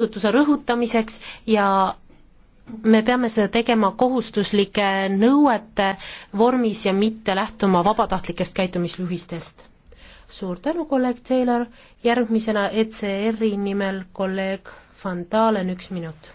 vastutuse rõhutamiseks ja me peame seda tegema kohustuslike nõuete vormis ja mitte lähtuma vabatahtlikest käitumisjuhistest. suur tänu, kolleeg Taylor, järgmisena ECR-i nimel kolleeg Van Dalen, üks minut